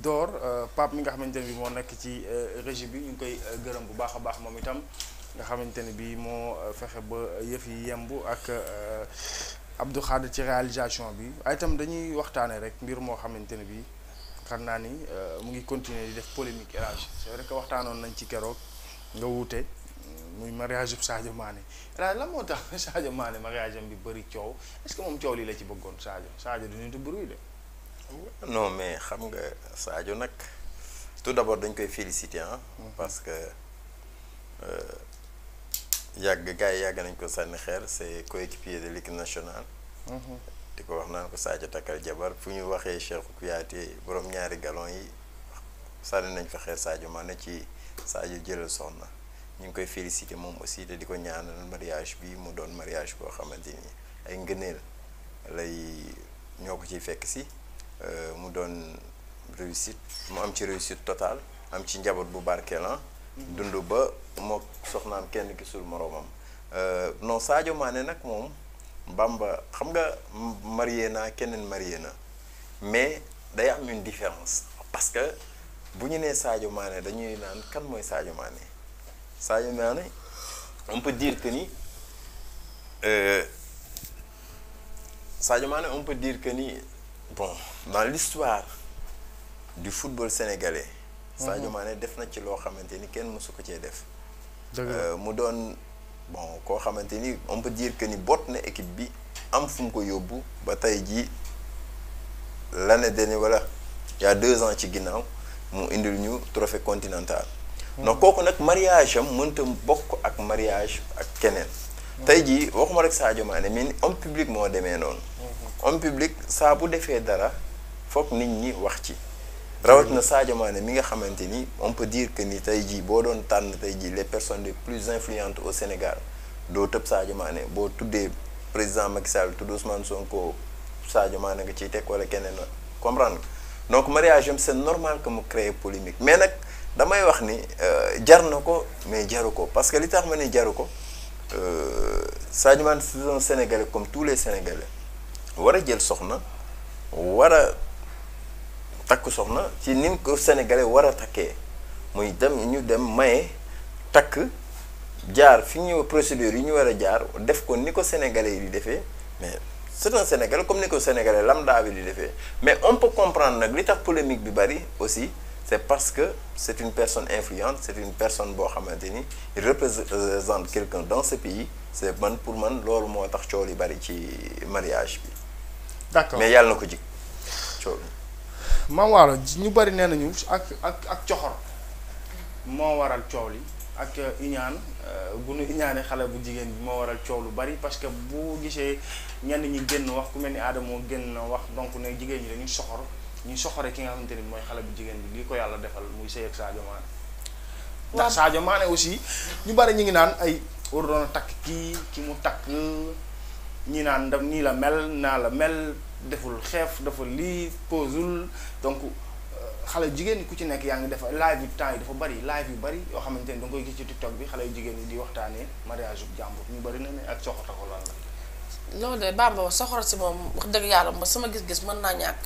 door euh, Pape mi nga xamante ne bi moo nekk ci euh, régie bi ñu koy euh, gërëm bu baax a baax moom itam nga xamante ne bi moo fexe ba yëf yi yemb ak Abdou Khadre ci réalisation bi ay itam dañuy waxtaanee rek mbir moo xamante ne bi xam naa ni mu ngi continuer di def polémique Elage c'est vrai que waxtaanoon nañ ci keroog nga wuute muy mariage bu Sadio Mané Elage lan moo tax Sadio Mané mariage am bi bëri coow est que moom coow lii la ci bëggoon Sadio Sadio du nitu bruit de non mais xam nga saajo nag tout d'abord dañ koy féliciter ah. parce que euh, yàgg gars yàgg nañ ko sànni xeer c'est coéquipier de l'équipe national mhm. di ko wax naan ko saajo takkal jabar fu ñu waxee Cheikhou Kouyaté borom ñaari galon yi sànni nañ fa xeer Sadio Mané ci Sadio jëlal soxna ñu ngi koy féliciter moom aussi de di ko ñaanal mariage bi mu doon mariage boo xamante ni ay ngëneel lay ñoo ko ciy fekk si. Euh, mu doon réussite mu am ci réussite total am ci njaboot bu barkeelan ah. mhm. dund ba moo soxnaam kenn gisul moroomam euh, no saajo maane nag moom Bamba xam nga marié naa keneen marié na mais day am une différence parce que bu ñu nee saajo maane dañuy naan kan mooy saajo maane saajo Mané on peut dire que ni euh, Sadio maane on peut dire que nii bon dans l'histoire du football sénégalais. Mhm. Sadio Mané def na ci loo xamante ni kenn mësu ko cee def. Euh, mu doon bon koo xamante ni on peut dire que ni bot na équipe bi am fu mu ko yóbbu ba tey jii l'année dernière voilà il y deux ans ci ginnaaw mu indil ñu trophée continental. non mhm. kooku nag mariage am mënta bokk ak mariage ak keneen. Mhm. tey jii waxuma rek Sadio Mané mais ni homme public moo demee noonu. homme public saa bu defee dara foog nit ñi wax ci. rawatina Sadio Mané mi nga xamante ni on peut dire que ni tey jii boo doon tànn tey jii les personnes les plus influentes au Sénégal doo tëb Sadio Mané boo tuddee président Macky Sall tudd Ousmane Sonko Sadio Mané nga ciy teg wala keneen comprendre donc mariage seen normal que mu créer polémique mais nag damay wax ni euh, jar na ko mais jaru ko parce que li tax ma ne jaru ko euh, Sadio Mané c'est un Sénégalais comme tous les Sénégalais. war a jël soxna war a takk soxna ci nin ko sénégalais war a takkee muy dem ñu dem maye takk jaar fi ñu procédure yi ñu war a jaar def ko ni ko sénégalais yi di defee mais c'est un comme ni ko sénégalais lambda bi di defee mais on peut comprendre nag li tax polémique bi bari aussi c'est parce que c'est une personne influente c'est une personne boo xamante ni il représente quelqu'un dans ce pays c'est man pour man loolu moo tax coow li bari ci mariage bi d'accord mais yàlla na ko jig coow. maam waalo ñu bari nee nañu ak ak ak coxor moo waral coow li ak euh, iñaan euh, bu nu iñaane xale bu jigéen bi moo waral coow lu bari parce que bu gisee ñenn ñi génn wax ku mel ni Adamo génn wax donc ne jigéen ñi dañuy soxor ñu soxore ki nga xamante ni mooy xale bu jigéen bi lii ko yàlla defal muy sëy ak Sadio Mané ndax Sadio Mané aussi ñu bari ñu ngi naan ay war doon a takk kii ki mu takk ñi naan daf nii la mel naa la mel deful xeef dafa lii posul donc euh, xale jigéen ñi ku ci nekk yaa ngi def live yu temps bari live yu bari yoo xamante ni da nga koy gis ci TikTok bi xale yu jigéen ñi di waxtaanee mariage bu jàmbur ñu bari na ne ak soxorta ko lan la. de Bamba soxor si moom wax dëgg yàlla ma sama gis-gis mën naa ñàkk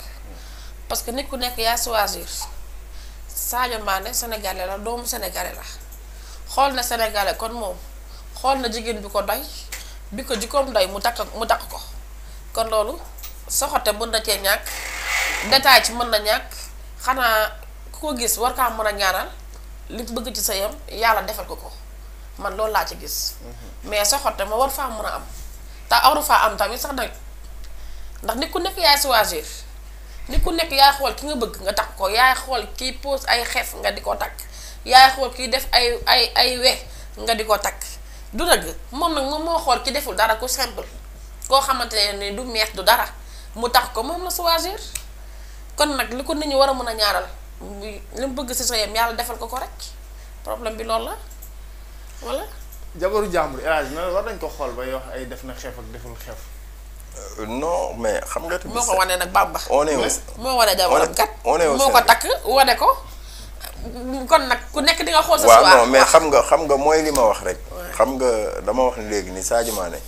parce que nit ku nekk yaa choisir Sadio Mané sénégalais la doomu sénégalais la xool na sénégalais kon moom xool na jigéen bi ko doy. bi ko jikkoom day mu takk mu takk ko kon loolu soxote mën na cee ñàkk détail ci mën na ñàkk xanaa ku ko gis war kaa mën a ñaanal li bëgg ci sa yam yàlla defal ko ko man loolu laa ci gis mhm. mais soxote ma war faa mën a am te awru faa am tamit sax nag ndax nit ku nekk yaay choisir nit ku nekk yaay xool ki nga bëgg nga takk ko yaay xool kiy pose ay xef nga di ko takk yaay xool kiy def ay ay ay we nga di ko takk du dëgg moom nag moom moo xool ki deful dara ku simple koo xamante ne du meex du dara mu tax ko moom la choisir kon nag li ko nit war a mën a ñaaral li mu bëgg si sëyam yàlla defal ko ko rek problème bi loolu la wala. jabaru jàmbur El war nañ ko xool bay wax ay def na xeef ak deful xeef. Euh, non mais xam nga. moo ko wane nag bàmba. on est moo wane jabaram kat. moo ko takk wane ko. kon nag ku nekk di nga xool sa. waaw non mais xam nga xam nga mooy li ma wax rek. xam nga dama wax ne léegi ni Sadio Mané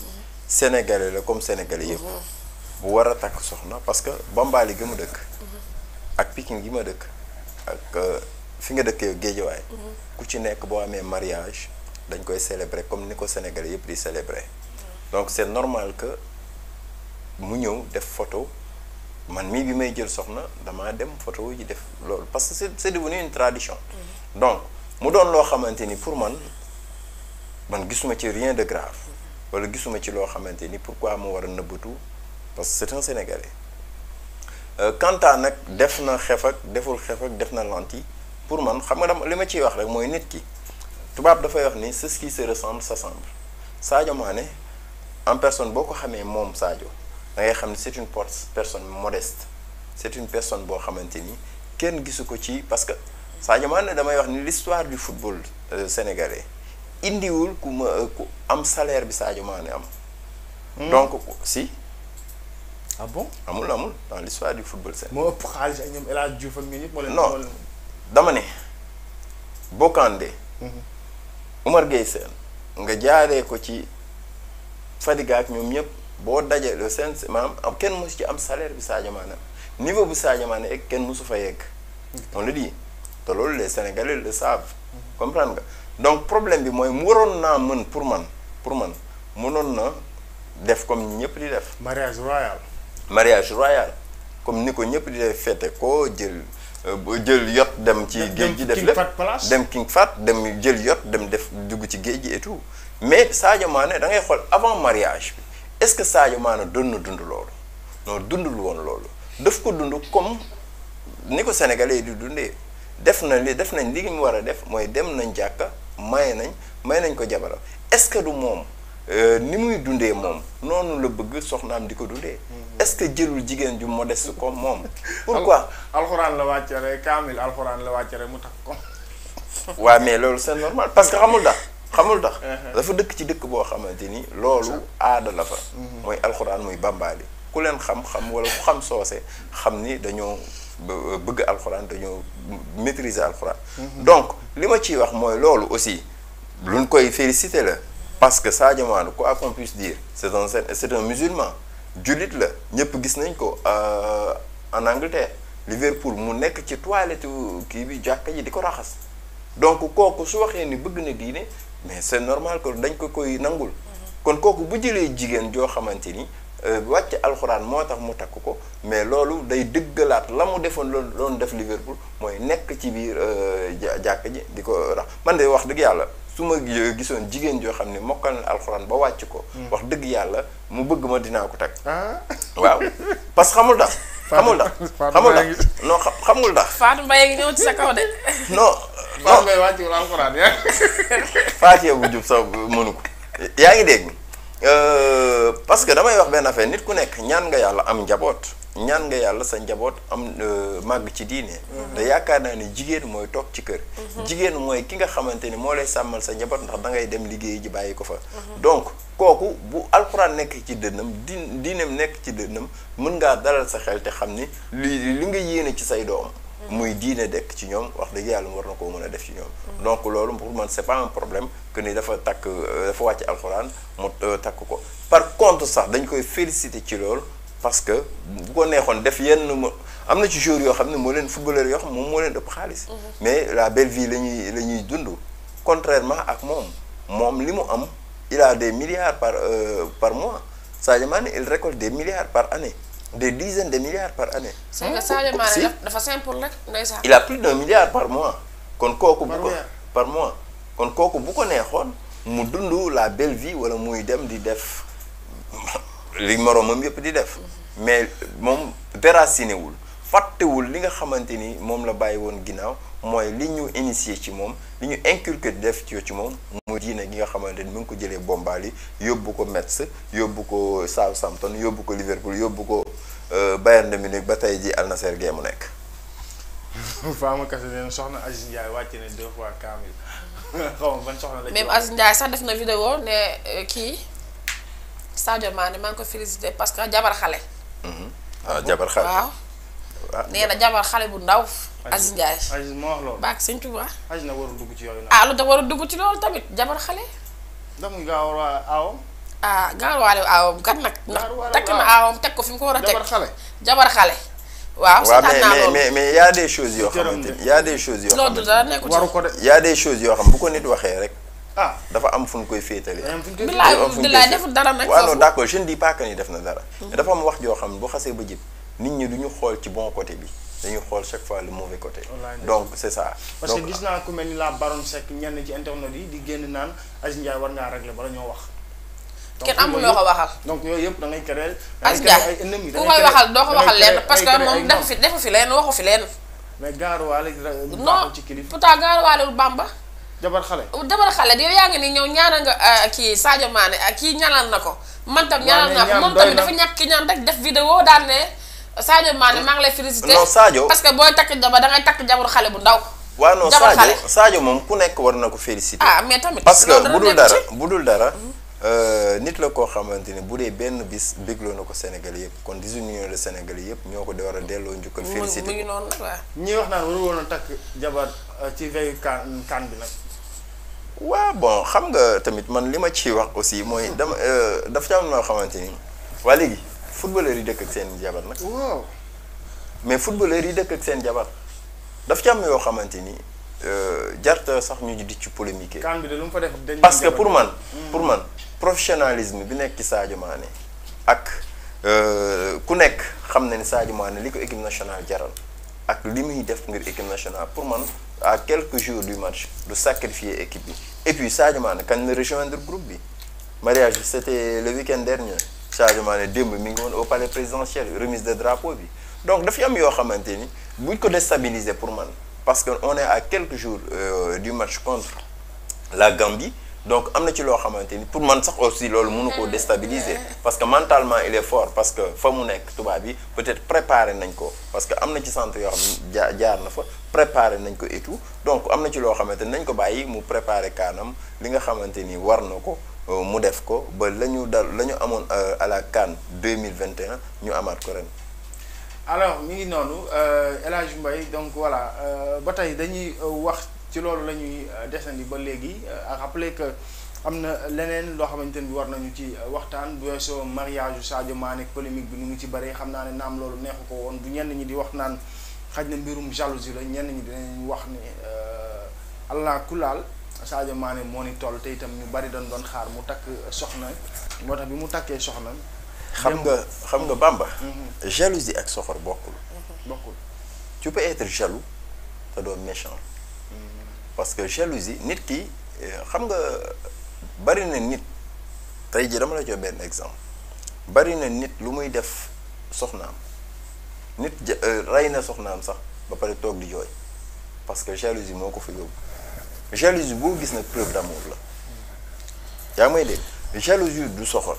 sénégalais la comme sénégalais yëpp bu war a takk soxna parce que Bambali gi mu dëkk ak Pikine gi ma dëkk ak euh, fi nga dëkk yow Géejawaay ku ci nekk boo amee mariage dañ koy célébrer comme ni ko sénégalais yëpp di célébrer donc c'est normal que mu ñëw def photo man mii bi may jël soxna damaa dem photo yi def loolu parce que c'est devenu une tradition mm-hmm. donc mu doon loo xamante ni pour man man gisuma ci rien de grave wala gisuma ci loo xamante ni pourquoi mu war a nëbbatu parce que c'est un sénégalais quant euh, nag def na xef ak deful xef ak def na lentille pour man xam nga dama li ma ciy wax rek mooy nit ki tubaab dafay wax ni c'est ce qui se ressemble s'assemble Sadio en personne boo ko xamee moom Sadio da xam ne c'est une personne modeste c'est une personne boo xamante ni kenn gisu ko ci parce que Sadio Mané damay wax ni l'histoire du football euh, sénégalais indiwul ku ma euh, ku am salaire bi Sadio Mané am. Hmm. donc si. Ah amul amul dans l'histoire du football seen. ñoom El Hadj Diouf ak ñun ñëpp moo non dama ne Bokandé. Umar hmm. Gueye Sène nga jaaree ko ci Fadiga ak ñoom ñëpp boo dajalee seen maanaam kenn mosu ci am salaire bi Sadio Mané am niveau bu Sadio Mané egg kenn mosu fa yegg. Hmm. on le dit te loolu les Sénégalais le savent comprendre nga. donc problème bi mooy mu waroon naa mën pour man pour man mënoon na def comme ñi ñëpp di def. mariage royal. mariage royal comme ni ko ñëpp di def fête ko jël euh, jël yot dem. ci géej gi def lépp dem King Fat dem jël yot dem def dugg ci géej gi et mais saajo Mané da ngay xool avant mariage bi est-ce que Sadio Mané doon na dund loolu dund dundul woon loolu daf ko dund comme ni ko sénégalais yi di dundee def na li def nañ li war a def mooy dem nañ jàkka. may nañ may nañ ko jabara est-ce que du moom euh, ni muy dundee moom noonu la bëgg soxnaam di ko dundee. Mm-hmm. est-ce que jëlul jigéen ju modeste comme moom. pourquoi alxuraan la wàccere kaamil alxuraan la wàccere mu tax ko. waaw mais loolu c'est normal parce que xamul tax xamul tax. Uh-huh. dafa dëkk ci dëkk boo xamante ni. loolu aada la fa. Mm-hmm. mooy alxuraan muy bambaali ku leen xam xam wala ku xam soose xam ni dañoo. bëgg alxuraan dañoo maîtriser alxuraan. donc li ma ciy wax mooy loolu aussi lu luñ koy féliciter la parce que Sadio Mané quoi qu'on puisse dire c'est un c'est un musulman jullit la ñëpp gis nañ ko euh, en Angleterre Liverpool mu nekk ci toilette kii bi jàkk ji di ko raxas donc kooku su waxee ni bëgg na diine mais c'est normal que dañ ko koy nangul mm-hmm. kon kooku bu jëlee jigéen joo xamante ni. Euh, wàcc alxuraan moo tax mu takk ko mais loolu day dëggalaat la mu defoon loolu doon def Liverpool mooy nekk ci biir euh, jàkk ji di ko rax man de wax dëgg yàlla su ma gisoon jigéen joo xam ne mokkal na alxuraan ba wàcc ko. Hmm. wax dëgg yàlla mu bëgg ma dinaa ko takk. Ah. waaw parce que xamul da xamul tax xamul tax non xamul tax. Fatou sa kaw de. non non Fatou Mbaye wàcc yaa. bu jub sax mënu ko yaa ngi dégg. Euh, parce que damay wax benn affaire nit ku nekk ñaan nga yàlla am njaboot ñaan nga yàlla sa njaboot am euh, màgg ci diine. Mhm. te yaakaar naa ni jigéen mooy toog ci kër. Mhm. jigéen mooy ki nga xamante ni moo lay sàmmal sa njaboot ndax da ngay dem liggéey ji bàyyi ko fa. Mhm. donc kooku bu alxuraan nekk ci dënnam di diineem nekk ci dënnam mën ngaa dalal sa xel te xam ni li li nga yéene ci say doom. muy diine dekk ci ñoom wax dëgg yàlla mu war na koo mën a def ci ñoom. donc loolu pour man c' est pas un problème que ni dafa takk dafa wàcc alxuraan mu euh, takk ko par contre sax dañ koy féliciter ci loolu parce que bu ko neexoon def yenn mu am na ci joueurs yoo xam ne moo leen footballeur yoo xam moom moo leen ëpp xaalis. Mhm. mais la belle vie la ñuy la ñuy dund contrairement ak moom moom li mu am il des milliards par euh, par mois Sadio Mané il récolte des milliards par année. des dizaines de milliards par année. c'est que Sadio dafa simple rek ndeysaan. il a plus d'un milliard par mois. kon kooku bu ko par mois kon kooku bu ko neexoon mu dund la belle vie wala muy dem di def li moroomam yëpp di def. mais moom déraciné wul fàttewul li nga xamante ni moom la bàyyi woon ginnaaw mooy li ñu initié ci moom li ñu inculqué def ci moom. muy diine gi nga xamante ni mu ngi ko jëlee Bombali yóbbu ko Metz yóbbu ko Southampton yóbbu ko Liverpool yóbbu ko. Euh, Bayern de ba tey ji Al Nassr mu nekk. Fama Kassé neen soxna na deux fois ma sax def na vidéo ne euh, kii Sadio Mané maa ngi ko félicité parce que jabar xale. Mhm. Ah, jabar xale waaw. Ah, nee na jabar xale bu ndaw. Aziz Ndiaye Aziz moo wax ci yooyu. ah lu da war a dugg ci loolu tamit jabar xale. ah gaaruwaale aawam kat nag. ndax takk na aawam teg ko fi mu ko war a teg jabar xale. jabar xale. waaw seetaan naa loolu mais mais y' a des choses ko a des yoo xam ko waxee rek. ah dafa am fu koy féetale. bilaay deful dara d' accord je ne def na dara. Mhm. dafa wax joo xam ne xasee ba jib ñi du ñu xool ci bon côté bi dañu xool chaque fois le mauvais côté. donc gis naa ku mel ni la baronne Seck ñenn ci internet yi di génn naan Aziz Ndiaye war ngaa régler bala ñoo wax kenn amul loo ko waxal donc yooyu yëpp da ngay créer as ay ennemis ku koy doo ko waxal lenn parce que moom defu fi defu fi lenn waxu fi lenn mais gaaruwaale non ci kilif pourtant gaaruwaale Bamba jabar xale jabar xale yow yaa ngi ni ñëw ñaanal nga euh, kii Sadio Mané kii ñaanal na ko man tam ñaanal naa ko moom tamit dafa ñàkk ñaan rek def vidéo daan ne Sadio Mané maa ngi lay félicité non Sadio parce que booy takk jabar da ngay takk jabar xale bu ndaw waaw non Sadio Sadio moom ku nekk war na ko félicité ah mais tamit parce que bu dul dara bu dul dara Euh, nit la koo xamante ne bu dee benn bis bégloo na ko Sénégal yëpp kon 18 millions de Sénégal yëpp ñoo ko de war a delloo njukkal. félicité mu ngi noonu waaw. ñi wax naan waru woon a takk jabar euh, ci veille kan kan bi nag. waaw bon xam nga tamit man li ma ci wax aussi mooy hmm. dama euh, daf ci am noo xamante ni waa léegi footballeur yi dëkk ak seen jabar nag. waaw mais footballeur yi dëkk ak seen jabar daf ci am yoo xamante ni. Euh, jarta sax ñu di ci polémique. kan bi de mu fa def dañ parce que pour man hmm. pour man professionnalisme bi nekk ci Sadio Mané ak euh, ku nekk xam na ni Sadio Mané li ko équipe nationale jaral ak li muy def ngir équipe nationale pour man à quelque jours du match du sacrifier équipe bi et puis Sadio Mané kañ la rejoindre groupe bi mariage bi c'était le week-end dernier Sadio Mané démb mi ngi woon au palais présidentiel remise de drapeau bi donc daf am yoo xamante ni buñ ko déstabiliser pour man. parce que on est à quelques jours euh, du match contre la Gambie donc am na ci loo xamante ni pour man sax aussi loolu mënu koo mm, déstabiliser parce que mentalement il est fort parce que fa mu nekk tubaab yi peut-être préparé nañ ko parce que am na ci centre yoo xam ja jaar na fa préparé nañ ko et donc am na ci loo xamante ni nañ ko bàyyi mu préparé kaanam li nga xamante ni war na ko euh, mu def ko ba la ñu dal la ñu amoon euh, à la CAN 2021 ñu amaat ko ren. alors mi ngi noonu euh, El Hadj Mbaye donc voilà euh, ba tey dañuy euh, wax ci loolu la ñuy desandi ba léegi à que am na leneen loo xamante ni war nañu ci waxtaan bu weesoo mariage Sadio Mané ak polémique bi nu ngi ci bëree xam naa ne naam loolu neexu ko woon bu ñenn ñi di wax naan xaj na mbirum jalousie la ñenn ñi dinañ wax ni allah kulaal Sadio Mané moo ni toll te itam ñu bari doon doon xaar mu takk soxna moo tax bi mu takkee soxna. xam nga xam nga Bamba. Mm-hmm. jalousie ak soxor bokkul. Mm-hmm. bokkul tu peux te doo méchant. Mm-hmm. parce que jalousie nit ki eh, xam nga bari na nit tey ji dama la jox benn exemple bari na nit lu muy def soxnaam nit eh, rey na soxnaam sax ba pare toog di jooy parce que jalousie moo ko fa yóbbu jalousie boo gis nag preuve d'amour la yaa may dégg jalousie du soxor.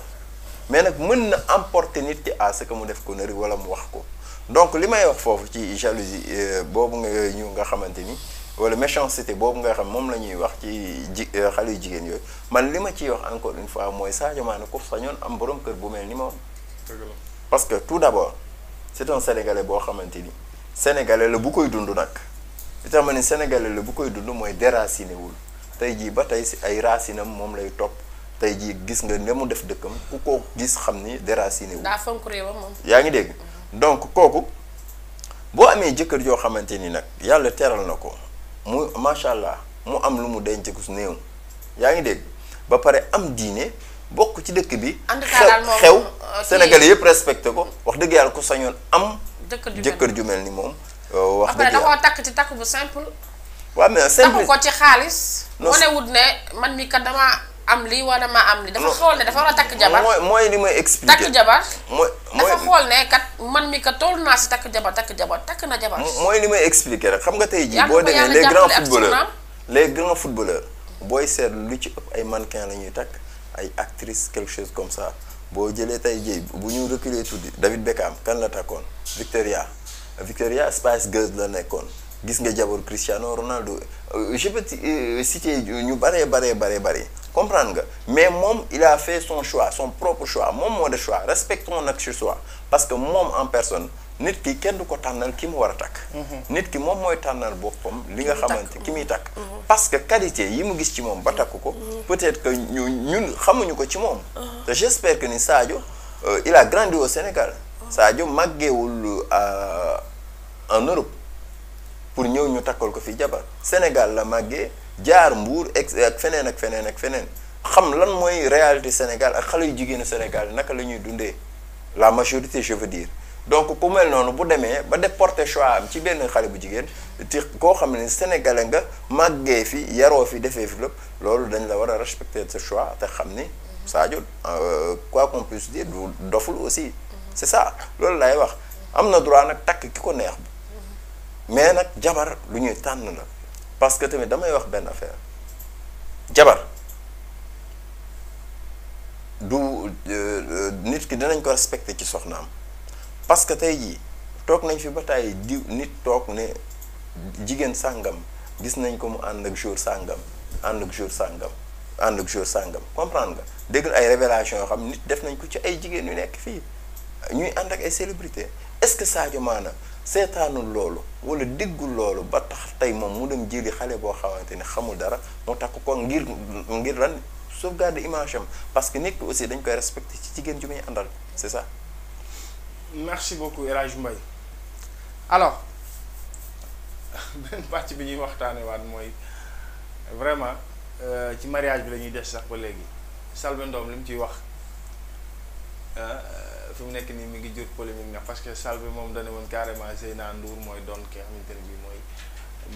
mais nag mën na emporter nit ki à ce que mu def ko nëri wala mu wax ko donc li may wax foofu ci jalousie euh, boobu nga ñu nga xamante ni wala méchanceté boobu nga xam moom la ñuy wax ci ji euh, xale yu jigéen yooyu man li ma ciy wax encore une fois mooy Sadio Mané ko ñoon am borom kër bu mel ni moom. parce que tout d'abord c'est un sénégalais boo xamante ni sénégalais la bu koy dund nag li tax ma la bu koy dund mooy déraciné wul tey jii ba tey si ay racinam moom lay topp. tey jii gis nga ne mu def dëkkam ku ko gis xam ni déraciné daa fonk réewam moom. yaa ngi dégg donc kooku boo amee jëkkër joo xamante ni nag yàlla teral na ko mu macha allah mu am lu mu denc gus néew yaa ngi dégg ba pare am diine bokk ci dëkk bi. xew xew euh, Sénégalais yëpp respecté ko wax dëgg yàlla ko sañoon am. jëkkër ju mel ni moom. Euh, wax dëgg yàlla takk ci takk bu simple. waaw mais simple takk ko ci xaalis. non wut ne man mi kat damaa. am li wala ma am li dafa xool ne dafa war a takk jabar mooy mooy li may expliqué takk jabar mooy dafa xool ne kat man mi kat toll naa si takk jabar takk jabar takk na jabar mooy li may expliqué rek xam nga tey jii boo demee les grands footballeurs les grands footballeurs booy seet lu ci ëpp ay mannequin la ñuy takk ay actrice quelque chose comme ça boo jëlee tey jii bu ñu reculer tuddi David Beckham kan la takkoon Victoria Victoria Spice Girls la nekkoon gis nga jabar Cristiano Ronaldo euh, je peux euh, citer ñu baree baree baree baree comprendre nga mais moom il a fait son choix son propre choix moom moo de choix respectons nag ce choix parce que moom en personne nit ki kenn du ko tànnal ki mu war a takk. Mhm. nit ki moom mooy tànnal boppam. li nga xamante ki muy takk. Mhm. Mhm. parce que qualité yi mu gis ci moom ba takk ko. peut-être que ñu ñun xamuñu ko ci moom. te j'espère que ni Sadio euh, il a grandi au Sénégal. Sadio màggeewul euh, en Europe pour ñëw ñu takkal ko fi jabar Sénégal la màggee. jaar mbuur ex ak feneen ak feneen ak feneen xam lan mooy réalité Sénégal ak xale yu jigéenu Sénégal naka la ñuy dundee la majorité je veux dire donc ku mel noonu bu demee ba déporté choix am ci benn xale bu jigéen ci koo xam ne sénégalais nga màggee fi yaroo fi defee fi lépp loolu dañ la war a respecter sa choix te xam ni Sadio euh, quoi qu'on puisse dire du doful aussi c'est ça loolu lay wax am na droit nag takk ki ko neex mais nag jabar lu ñuy tànn la parce que tamit damay wax benn affaire jabar du euh, nit ki dinañ ko respecter ci soxnaam parce que tey jii toog nañ fi ba tàyyi di nit toog ne jigéen sàngam gis nañ ko mu ànd ak jour sàngam ànd ak jour sàngam ànd ak jour sàngam comprendre nga dégg ay révélation yoo xam nit def nañ ko ci ay jigéen yu nekk fii ñuy ànd ak ay célébrité est-ce que Sadio Maana seetaanul loolu wala déggul loolu ba tax tey moom mu dem jëli xale boo xawante ni xamul dara moo takk ko ngir ngir lan sauvegarde image am parce que nekk aussi dañ koy respecté ci jigéen ju muy àndal c'est ça. merci beaucoup El Hadj Mbaye alors benn pàcc bi ñuy waxtaanee waat mooy vraiment euh, ci mariage bi la ñuy des sax ba léegi Selbé Ndom li mu ciy wax. Euh, fi mu nekk nii mi ngi jur polémique nag parce que salle bi moom dana woon carrément Zeyna Ndour mooy doon ki nga xamante ne bii mooy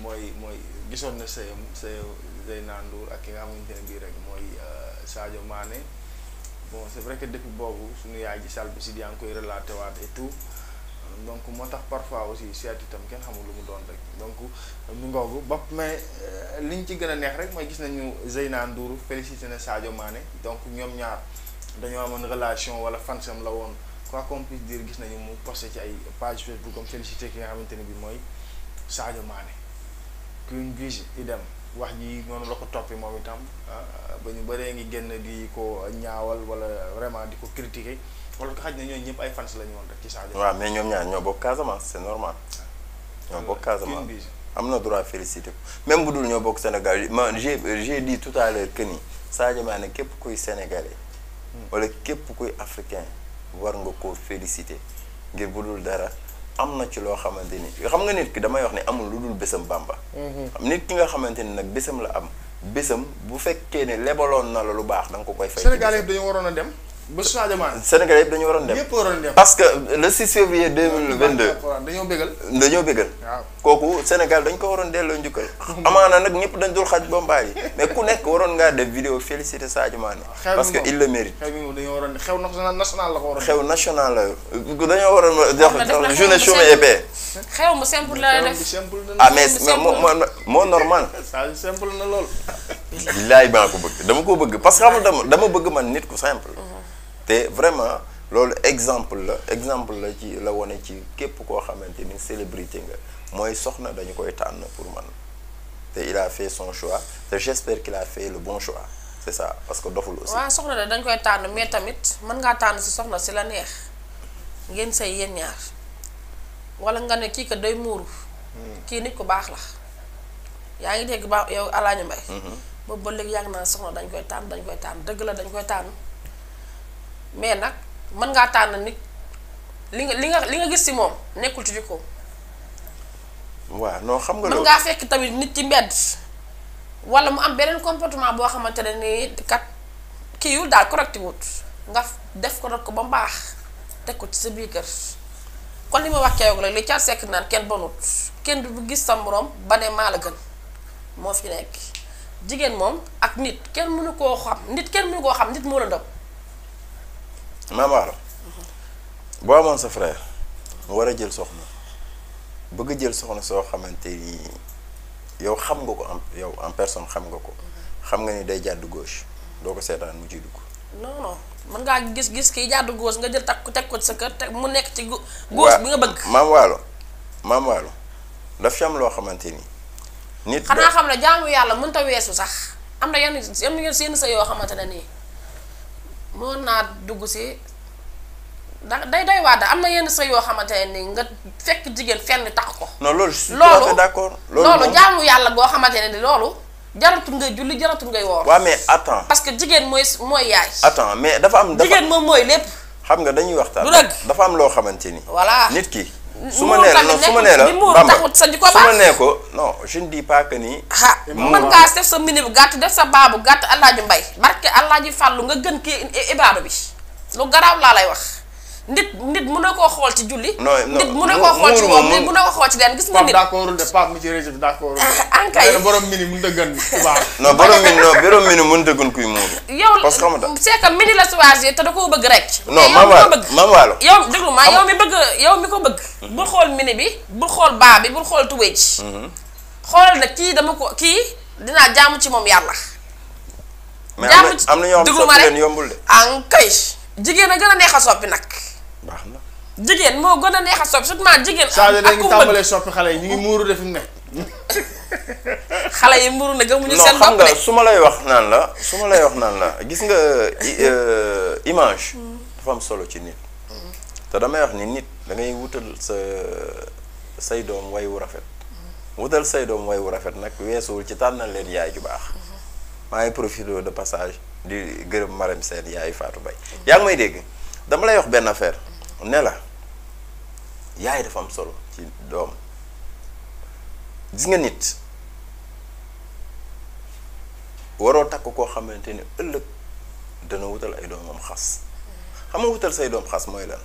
mooy mooy gisoon na sëyam sëyam Zeyna Ndour ak ki nga xamante ne bii rek mooy euh, Sadio maane bon c'est vrai que depuis boobu suñu yaay ji salle si yaa ngi koy relaté waat et tout donc moo tax parfois aussi seet itam kenn xamul lu mu doon rek donc mu ngoogu bopp mais euh, liñ ci gën a neex rek mooy gis nañu Zeyna Ndour félicité na Sadio maane donc ñoom ñaar dañoo amoon relation wala fansam la woon quoi qu'on puisse dire gis nañu mu posté ci ay page Facebook comme félicité ki nga xamante ne bi mooy Sadio Mané kuñ gis dem wax ji noonu la ko toppee moom itam ah, ba ñu bëree ngi génn di ko ñaawal wala vraiment di ko critiquer wala ko xaj na ñëpp ay fans la ñu woon ci Sadio. waaw ñoom ñaar ñoo bokk Casamance c'est normal. ñoo bokk Casamance am na droit félicité ko même bu dul ñoo bokk Sénégal ma j'ai j'ai tout à l'heure que ni Sadio Mané képp kuy sénégalais. Hmm. wala képp kuy africain. war nga koo féliciter ngir bu dul dara am na ci loo xamante ni xam nga nit ki damay wax ni amul lu dul bésam Bàmba. Mhm. am nit ki nga xamante ni nag bésam la am bésam bu fekkee ne lebaloon na la lu baax da ko koy fay. Sénégalais dañoo waroon a dem. ba changement Sénégal yëpp dañu waroon dem parce que le 6 février 2022 dañoo bégal dañoo bégal kooku Sénégal dañ ko waroon delloo njukkal amaana nag ñëpp dañ dul xaj bombaay yi mais ku nekk waroon ngaa def vidéo félicité Sadio Mané parce que il le mérite xew mi dañoo waroon xew national la ko waroon xew national la dañoo waroon jox journée chômage et xew mu simple la def ah mais moo normal simple maa ko bëgg dama ko bëgg parce que xam dama dama bëgg man nit ku simple mm-hmm. te vraiment loolu exemple la exemple la ci la wone ci képp koo xamante ni célébrité nga mooy soxna dañu koy tànn pour man te il a fait son choix te j'espère qu'il a fait le bon choix c'est ça parce que doful aussi. soxna da dañ koy tànn mais tamit mën ngaa tànn si soxna si la neex ngeen say yéen ñaar wala nga ne kii kat day muuru. Hmm. kii nit ku baax la. yaa ngi dégg baax yow Alaañu Mbay. Hmm. boobu ba léegi yàgg naa soxna dañ koy tànn dañ koy tànn dëgg la dañ koy tànn. mais nag mën ngaa tànn nit li nga li nga li nga gis ci moom nekkul ci jikkoom. waaw noo xam nga. mën ngaa fekk tamit nit ci mbedd. wala mu am beneen comportement boo xamante ne ni kat kii yu daal correct nga def ko rek ko ba mbaax teg ko ci sa biir kër. kon li ma wax keroog rek li Thiat sekk naan kenn bonut kenn du gis sa moroom ba ne maa la gën moo fi nekk jigéen moom ak nit kenn mënu koo xam nit kenn mënu koo xam nit moo la ndëm maam Aram boo amoon sa frère mu war a jël soxna bëgg jël soxna soo xamante ni yow xam nga ko am yow en personne xam nga ko xam nga ni day jàdd gauche doo ko seetaan mu ciy dugg. non non mën ngaa gis gis kiy jàdd gauche nga jël takku teg ko sa kër te mu nekk ci. gauche bi nga bëgg. maam waalo maam waalo daf ci am loo xamante ni. nit xanaa xam ne jaamu yàlla mënut a weesu sax am na yenn yenn seen sa yoo xamante ne nii. mën naa dugg si da day day waat am na yenn sëy yoo xamante ne ni nga fekk jigéen fenn tax ko. non loolu je suis tout à fait loolu loolu yàlla goo xamante ne ni loolu. jaratul ngay julli jaratul ngay woor. waa mais attends. parce que jigéen mooy mooy yaay. attends mais dafa am dafa jigéen moom mooy lépp. xam nga dañuy waxtaan. du dëgg dafa am loo xamante ni. voilà nit kii su ma nee la non su ma nee la Bamba su ma nee ko non je ne dis nii. ah mën ngaa def sa mini bu gàtt def sa baabu gàtt Alaaji Mbay barke Alaaji Fàllu nga gën kii ibaadu bi lu garaaw laa lay wax. nit nit mun na koo xool ci julli. non non nit mun koo xool ci moom nit na koo xool ci leen gis nga nit. Pape d'accordul de Pape mi bi d'accordul. ah a gën tubaab. non a yow parce que xam nga c'est que la choisir te da koo bëgg rek. noo maman maman la yow déglu ma yow mi bëgg yow mi ko bëgg. bul xool mini bi bul xool baa bi bul xool tuwee ji. Mm-hmm. xoolal na kii dama ko kii dinaa jaamu ci moom yàlla. jaamu ci déglu ma rek am ah, kay jigéen a gën a neex a soppi nag. baax na jigéen moo gën a neex a soppi surtout jigéen. ak ku bëgg saa yu tàmbalee soppi xale yi ñu ngi muuru def mu nekk. xale yi mburu na gëmuñu seen bopp de non xam nga su ma lay wax naan la su ma lay wax naan la gis nga euh, image. Mm. dafa am solo ci nit. te damay wax ni nit da ngay wutal sa say doom way wu rafet. Mm. wutal say doom way wu rafet nag weesuwul ci taal tànnal leen yaay ju baax. Mm-hmm. maa ngi profité de passage di gërëm Marème Sène yaayu Fatou Baye. yaa ngi may dégg dama lay wax benn affaire mm. ne la yaay dafa am solo ci doom. gis nga nit waroo takk koo xamante ni ëllëg dana wutal ay doomam xas xam nga wutal say doom xas mooy lan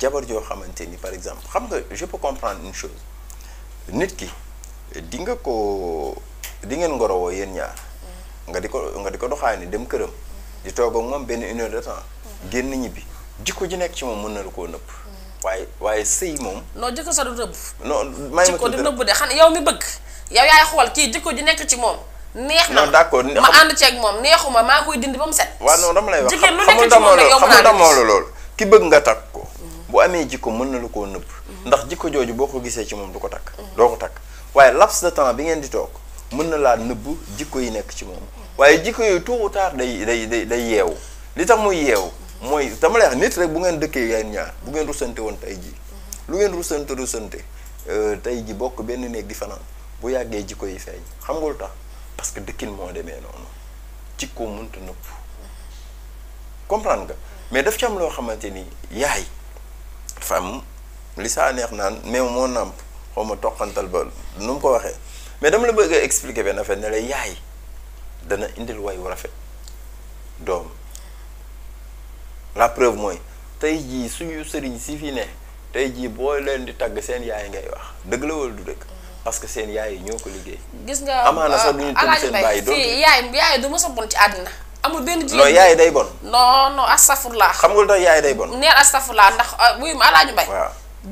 jabar joo xamante ni par exemple xam nga je peux comprendre une chose nit ki di nga ko di ngeen woo yéen ñaar nga di ko nga di ko doxaay ni dem këram di toog ak moom benn une de temps génn ñibbi jikko ji nekk ci moom mën na la koo nëpp waaye waaye sëy moom. non jëkko sa du rëbb. non may ko du rëbb de xanaa yow mi bëgg. yow yaay xool kii jikko ji nekk ci moom. neex na non d'accord ma ànd ceeg moom neexuma maa koy dindi ba mu set. waaw non dama lay wax jigéen lu nekk ci moom rek yow mën bëgg nga takk ko. Mhm. bu amee jikko mën na la koo nëbb. Mhm. ndax jikko jooju boo ko gisee ci moom du ko takk. Mhm. doo ko takk waaye laps de temps bi ngeen di toog mën na laa nëbbu jikko yi nekk ci moom. waaye jikko yooyu tôt ou tard day day day day yeewu li tax muy yeewu mooy dama lay wax nit rek bu ngeen dëkkee yeen ñaar bu ngeen rusante woon tey ji mhm. lu ngeen rusante rusante euh, tey ji bokk benn néeg di fanaan bu yàggee jikko yi feeñ xam nga lu tax parce que dëkkin moo demee noonu jikko mënta nëpp mhm. comprendre nga mhm. mais daf ci am loo xamante ni yaay fam li saa neex naan meew moo nàmp ma toqantal ba nu mu ko waxee mais dama la bëgg a expliquer benn affaire ne la yaay dana indil way wu rafet doom la preuve mooy tey jii suñu sëriñ si fi ne tey jii boo leen di tagg seen yaay ngay wax dëgg la wala du dëkk parce que seen yaay yi ñoo ko liggéey. gis nga amaana sax duñu ah, tënk seen bàyyi doon yaay yaay du mos a bon ci àddina. amul benn jigéen non yaay day bon. non non astafurlaa. xam nga lu yaay day bon. neen astafurlaa ndax ah, wuyu ma alaaju mbay.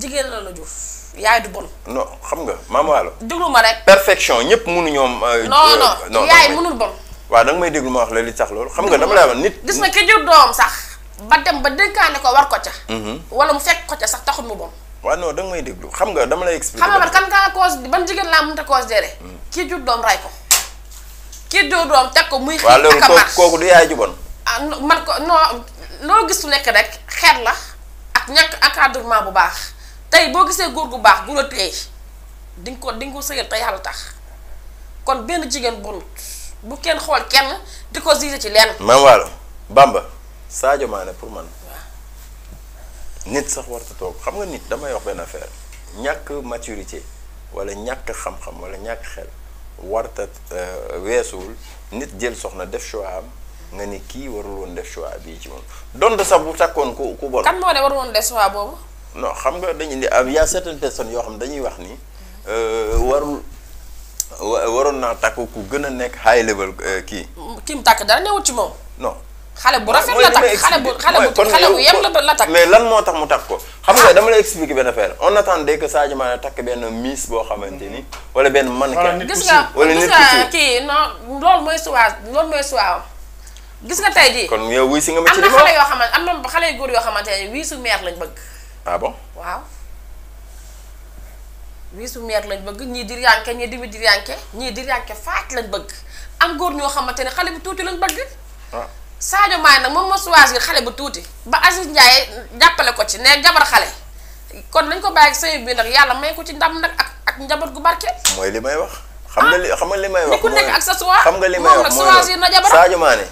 jigéen la la juf yaay du bon. no xam nga maam waalo. déglu ma rek. perfection ñëpp mënu ñoom. Euh, non non euh, yaay mënul bon. waaw da nga may déglu ma wax la li tax loolu. xam nga dama lay wax nit. gis nga ki jur doom sax. ba dem ba dénkaane ko war ko ca. Mhm. wala mu fekk ko ca sax taxut mu bon. waaw non danga may déglu xam nga dama lay expliquer. xam nga man kan kaa cause ban jigéen laa mënut a considéré. Mm. kii jur doom ray ko. kii jur doom ko muy. xëy kooku du yaay ju bon. Ah, man ko non loo gis su nekk rek xeet la ak ñàkk encadrement bu baax tey boo gisee góor bu baax gu la téye di ko di nga ko sëyal te yàlla tax kon benn jigéen bonut bu kenn xool kenn di ko gisee ci lenn. maam Waalo Bamba. Sadio Mané pour man. nit sax warta toog xam nga nit damay wax benn affaire ñàkk maturité wala ñàkk xam-xam wala ñàkk xel warta euh, weesuwul nit jël soxna def choix am nga ni kii warul woon def choix bii ci moom donte sax bu takkoon ku ku bon. kan moo ne warul woon def choix boobu. non xam nga dañuy di ab y a certaines yoo xam dañuy wax ni euh, warul waroon naa takk ku gën a nekk high level euh, kii. kim takk dara newut ci moom. non. xale bu rafet la takk xale bu xale bu yem la takk mais lan moo tax mu takk ko xam nga dama lay expliquer benn affaire on attendait que Sadio Mané takk benn miss boo xamante ni wala benn man gis nga gis nga kii non loolu mooy suwaa loolu mooy suwaawam gis nga tey jii kon yow wuy si nga ma ci am na xale yoo xamante am na xale yu góor yoo xamante ne wii su meer lañ bëgg ah bon waaw wii su meer lañ bëgg ñii di yanke ñii di di ñii di yanke faat lañ bëgg am góor ñoo xamante ne xale bu tuuti lañ bëgg ah. Sadio Mané nag moom moo choisir xale bu tuuti ba Aziz Ndiaye jàppale ko ci ne jabar xale kon nañ ko bàyyi sëy bi nag yàlla may ko ci ndam nag ak ak njaboot gu barke. mooy li may wax. xam nga li ah, xam nga li may wax. ku nekk ak sa choix xam nga li may wax mooy choisir na jabar Sadio Mané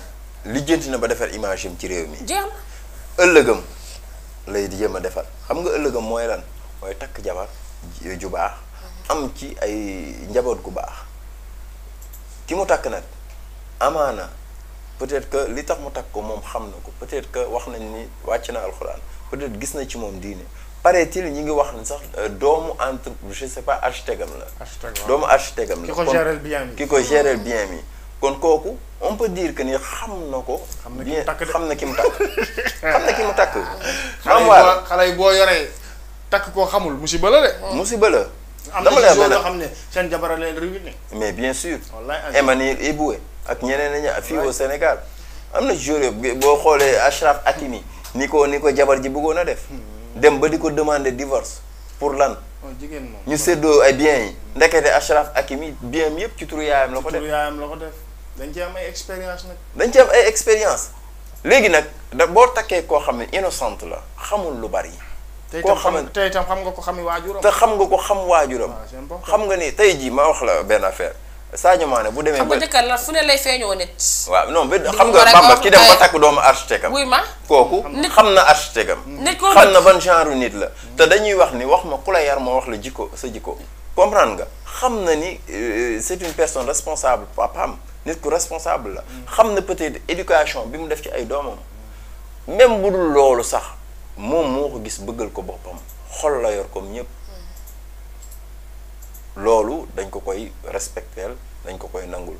lijjanti na ba defar image yam ci réew mi. jeex na ëllëgam lay di jéem a defar xam nga ëllëgam mooy lan mooy takk jabar ju baax am ci ay njaboot gu baax ki mu takk nag amaana. peut-être que li tax mu takk ko moom xam na ko peut-être que wax nañ ni wàcc na alxuraan peut-être gis na ci moom diine paraît-il ñi ngi wax ni sax euh, doomu entre je sais pas architecte am la. doomu architecte am la ki ko gérer bien ko gérer bien mi. kon kooku on peut dire que ni xam na ko. bien xam na ki mu takk xam na ki mu takk. xam waa xale yi boo yoree takk koo xamul musiba la de. musiba la. dama lay am xam ne seen jabar leen ruiné mais bien sûr. wallaay Emmanuel Eboué. ak ñeneen a fii au Sénégal am na joueur boo xoolee Achraf Hakimi ni ko ni ko jabar ji bëggoon a def hmm. dem ba di ko demander divorce pour lan oh, ñu seddoo ay bien yi ndekete Achraf Hakimi bien mi yëpp ci turu yaayam la ko def turu yaayam la ko def dañ ci am ay expérience nag dañ ci am ay expérience léegi nag da boo takkee koo xam ne innocente la xamul lu bari koo xam tey tam xam nga ko xam waajuram te xam nga ko xam waajuram ah, xam nga ni tey jii ma wax la benn affaire Sadio Mané bu demee. xam nga jëkkër fu ne lay feeñoo nit. waaw non ba xam nga Bamba ki dem ba takk doomu architecte am. wuy ma kooku xam na architecte am. nit ko xam na ban genre nit la. dañuy wax ni wax ma ku la yar ma wax la jikko sa jikko comprendre nga xam na ni euh, c'est une personne responsable papaam nit ku responsable la. xam na peut-être éducation bi mu def ci ay doomam. même bu dul loolu sax moom moo ko gis bëggal ko boppam xol la yor comme ñëpp. loolu dañ ko koy respecteel dañ ko koy nangul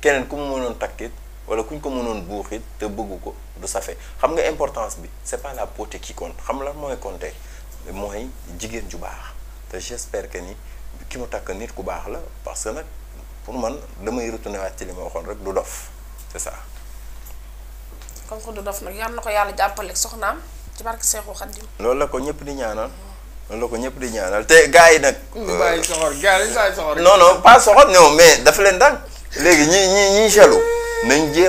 keneen ku mu mënoon takkit wala kuñ ko mënoon buuxit te bëggu ko du safe xam nga importance bi c'est pas la beauté qui compte xam la mooy compter mooy jigéen ju baax te j'espère que ni ki mu takk nit ku baax la parce que nag pour man damay retourner waat ci li ma waxoon rek du dof c'est ça. comme que du dof nag yal na ko yàlla jàppale soxnaam ci barke Seexu Xaadim loolu la ko ñëpp di ñaanal. loolu la ko di ñaanal te gars yi nag. Mm, bàyyi euh, soxor gars yi bàyyi soxor mais dafa leen dal léegi ñi ñi ñi jaloux nañ